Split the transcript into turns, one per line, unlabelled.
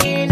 your